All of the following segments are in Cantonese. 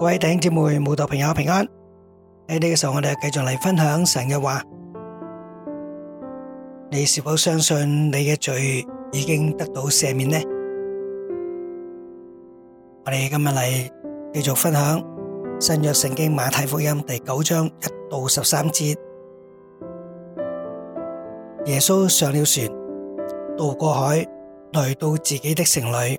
各位弟兄姊妹、慕道朋友平安。喺呢個時候，我哋繼續嚟分享神嘅話。你是否相信你嘅罪已經得到赦免呢？我哋今日嚟繼續分享新約聖經馬太福音第九章一到十三節。耶穌上了船，渡過海，來到自己的城裏。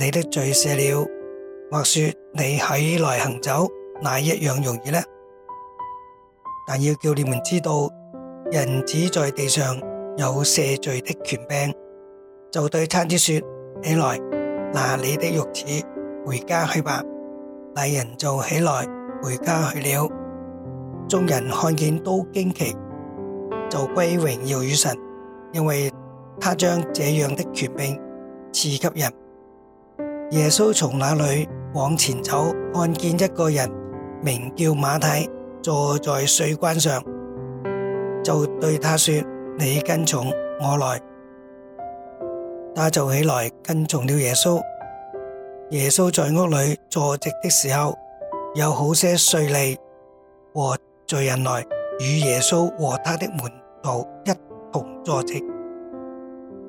你的罪赦了，或說你起來行走，哪一樣容易呢？但要叫你們知道，人子在地上有赦罪的權柄，就對癱子說：起來，拿你的褥子回家去吧。那人就起來回家去了。眾人看見都驚奇，就歸榮耀與神，因為他將這樣的權柄賜給人。耶穌從那裡往前走，看見一個人名叫馬太，坐在稅關上，就對他說：你跟從我來。他就起來跟從了耶穌。耶穌在屋裡坐席的時候，有好些稅吏和罪人來與耶穌和他的門徒一同坐席。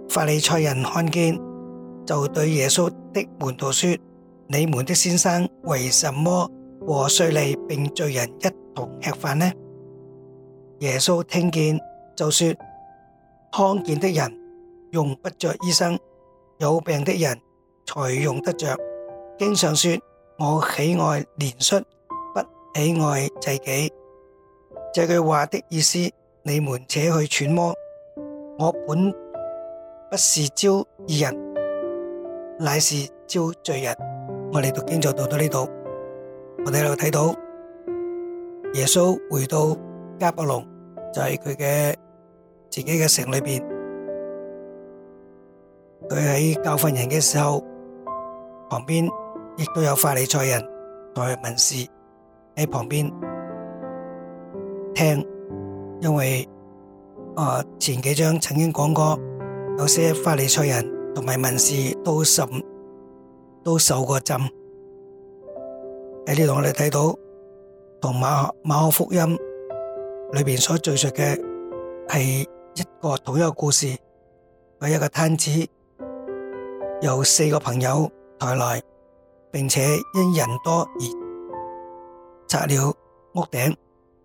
法利賽人看見。就對耶穌的門徒說：你們的先生為什麼和稅吏並罪人一同吃飯呢？耶穌聽見就說：康健的人用不着醫生，有病的人才用得着。經常說我喜愛憐恤，不喜愛祭己。這句話的意思，你們且去揣摩。我本不是招義人。乃是召罪人，我哋讀經就讀到呢度。我哋又睇到耶穌回到迦伯農，就係佢嘅自己嘅城裏邊。佢喺教訓人嘅時候，旁邊亦都有法利賽人同埋文士喺旁邊聽，因為誒、呃、前幾章曾經講過，有些法利賽人。同埋民事都受都受過浸。喺呢度我哋睇到同馬馬可福音裏邊所敘述嘅係一個同一嘅故事，有一個攤子，有四個朋友抬來，並且因人多而拆了屋頂，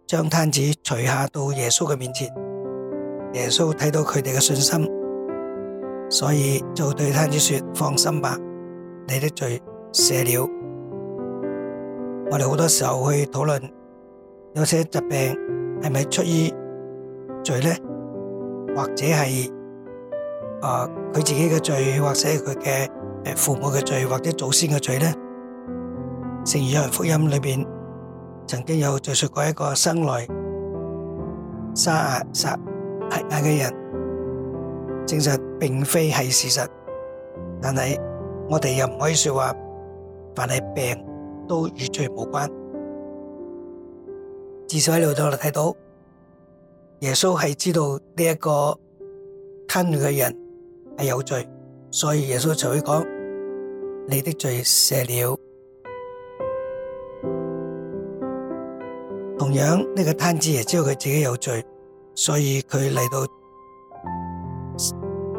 將攤子除下到耶穌嘅面前。耶穌睇到佢哋嘅信心。所以就對癱子說：放心吧，你的罪赦了。我哋好多時候去討論，有些疾病係咪出於罪呢？或者係誒佢自己嘅罪，或者佢嘅父母嘅罪，或者祖先嘅罪咧？聖約翰福音裏面曾經有敘述過一個生來沙啞、沙啞嘅人。證實並非係事實，但係我哋又唔可以說話，凡係病都與罪無關。至少喺路度我睇到，耶穌係知道呢一個癱瘓嘅人係有罪，所以耶穌就會講：你的罪赦了。同樣呢個癱子亦知道佢自己有罪，所以佢嚟到。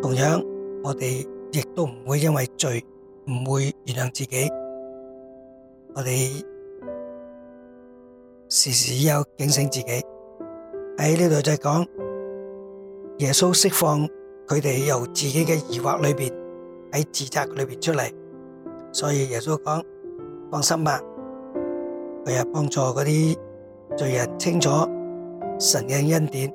同樣，我哋亦都唔會因為罪，唔會原諒自己，我哋時時有警醒自己。喺呢度就係講耶穌釋放佢哋由自己嘅疑惑裏面，喺自責裏面出嚟，所以耶穌講，放心吧，佢又幫助嗰啲罪人清楚神嘅恩典。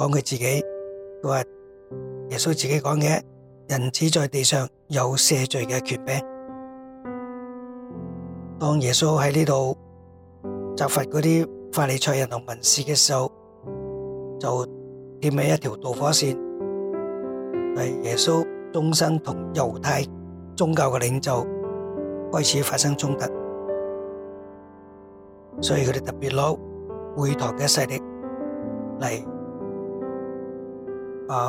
講佢自己，佢話耶穌自己講嘅，人子在地上有赦罪嘅權柄。當耶穌喺呢度責罰嗰啲法利賽人同文士嘅時候，就點起一條導火線，係耶穌終生同猶太宗教嘅領袖開始發生衝突。所以佢哋特別攞會堂嘅勢力嚟。啊，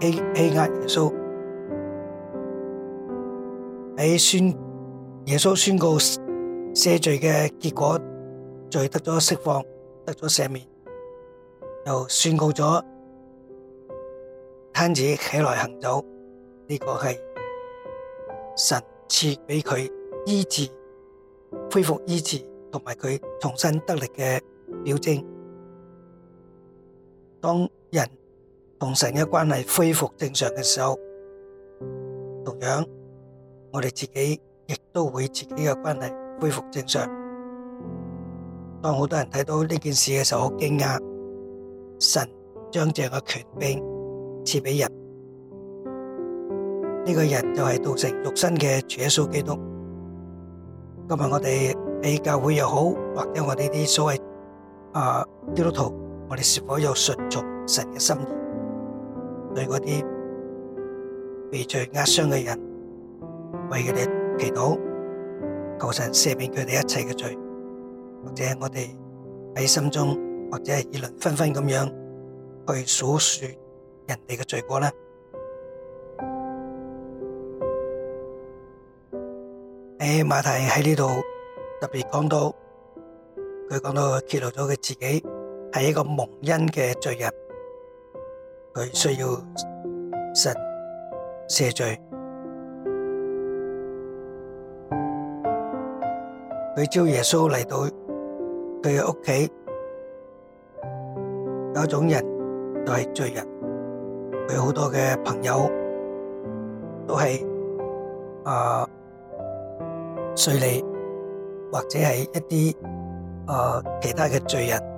欺，欺壓耶穌喺宣耶穌宣告赦罪嘅結果，罪得咗釋放，得咗赦免，又宣告咗癱子起來行走。呢個係神賜畀佢醫治、恢復醫治，同埋佢重新得力嘅表徵。當人同神嘅關係恢復正常嘅時候，同樣我哋自己亦都會自己嘅關係恢復正常。當好多人睇到呢件事嘅時候，好驚訝，神將這樣嘅權柄賜俾人，呢個人就係道成肉身嘅主耶穌基督。今日我哋喺教會又好，或者我哋啲所謂啊基督徒。我哋是否有順從神嘅心意，對嗰啲被罪壓傷嘅人為佢哋祈禱，求神赦免佢哋一切嘅罪，或者我哋喺心中或者係議論紛紛咁樣去數說人哋嘅罪過呢？誒，馬太喺呢度特別講到，佢講到揭露咗佢自己。係一個蒙恩嘅罪人，佢需要神赦罪。佢招耶穌嚟到佢嘅屋企。有一種人就係罪人，佢好多嘅朋友都係啊，稅吏或者係一啲啊其他嘅罪人。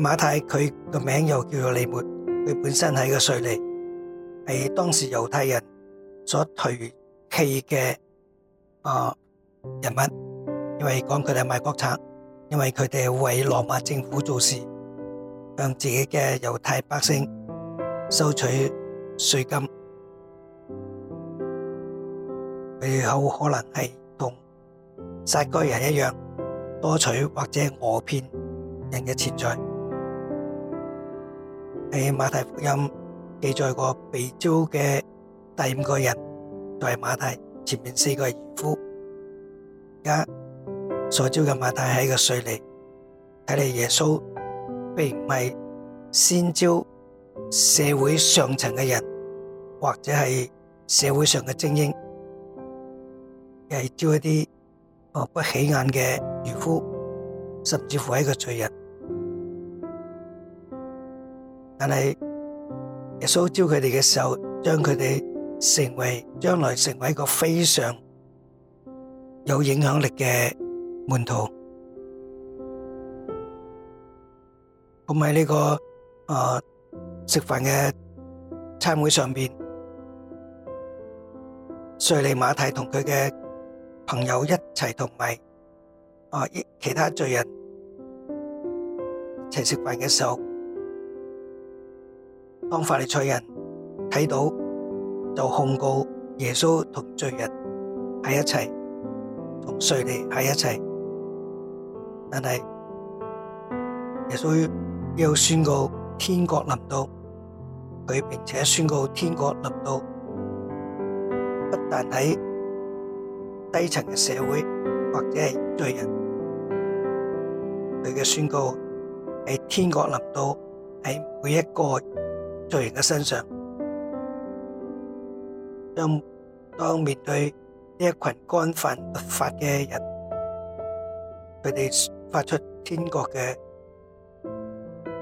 馬太佢個名又叫做利未，佢本身係個稅吏，係當時猶太人所唾棄嘅啊人物，因為講佢哋賣國賊，因為佢哋為羅馬政府做事，向自己嘅猶太百姓收取稅金，佢哋好可能係同撒該人一樣，多取或者訛騙人嘅錢財。喺馬太福音記載過被招嘅第五個人就係馬太，前面四個係漁夫。而家所招嘅馬太係一個稅吏，睇嚟，耶穌並唔係先招社會上層嘅人，或者係社會上嘅精英，而係招一啲哦不起眼嘅漁夫，甚至乎係一個罪人。但係耶穌招佢哋嘅時候，將佢哋成為將來成為一個非常有影響力嘅門徒。咁喺呢個誒食飯嘅餐會上邊，稅吏馬太同佢嘅朋友一齊同埋，啊，其他罪人一齊食飯嘅時候。當法利賽人睇到，就控告耶穌同罪人喺一齊，同稅吏喺一齊。但係耶穌要宣告天國臨到，佢並且宣告天國臨到，不但喺低層嘅社會，或者係罪人，佢嘅宣告係天國臨到喺每一個在人嘅身上，當當面對呢一群干犯律法嘅人，佢哋發出天國嘅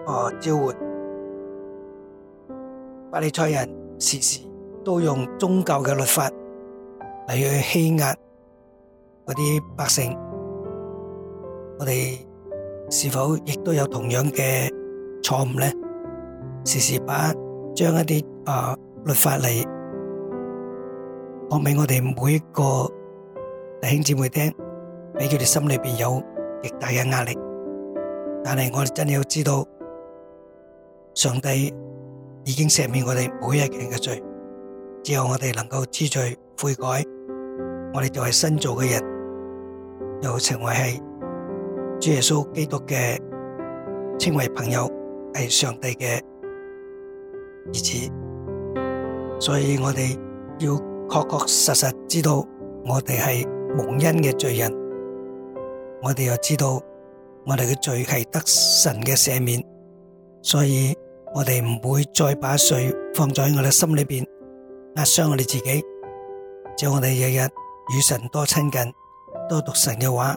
啊召喚，法利賽人時時都用宗教嘅律法嚟去欺壓嗰啲百姓，我哋是否亦都有同樣嘅錯誤呢？時時把將一啲啊律法嚟講俾我哋每一個弟兄姊妹聽，俾佢哋心裏邊有極大嘅壓力。但係我哋真係要知道，上帝已經赦免我哋每一個人嘅罪，只要我哋能夠知罪悔改，我哋就係新造嘅人，又成為係主耶穌基督嘅稱為朋友，係上帝嘅。而止，所以我哋要確確實實知道我哋係蒙恩嘅罪人，我哋又知道我哋嘅罪係得神嘅赦免，所以我哋唔會再把罪放在我哋心裏面，壓傷我哋自己。只要我哋日日與神多親近，多讀神嘅話，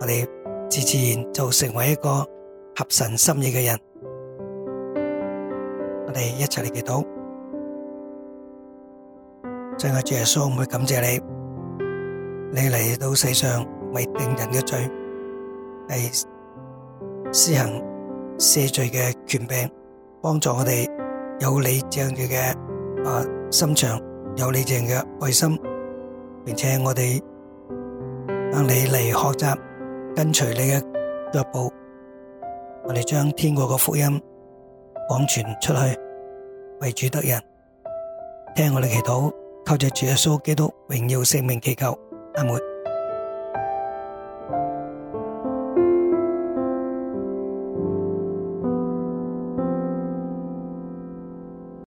我哋自自然就成為一個合神心意嘅人。我哋一齊嚟祈禱，真係主耶穌，唔會感謝你，你嚟到世上為定人嘅罪，嚟施行赦罪嘅權柄，幫助我哋有你這樣嘅啊心腸，有你這樣嘅愛心，並且我哋向你嚟學習，跟隨你嘅腳步，我哋將天國嘅福音廣傳出去。為主的人聽我哋祈禱，靠着主耶穌基督榮耀聖名祈求，阿門。